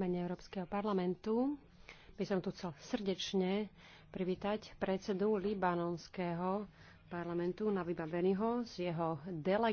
mene Európskeho parlamentu by som tu chcel srdečne privítať predsedu libanonského parlamentu Naviba Beniho s jeho delegáciou.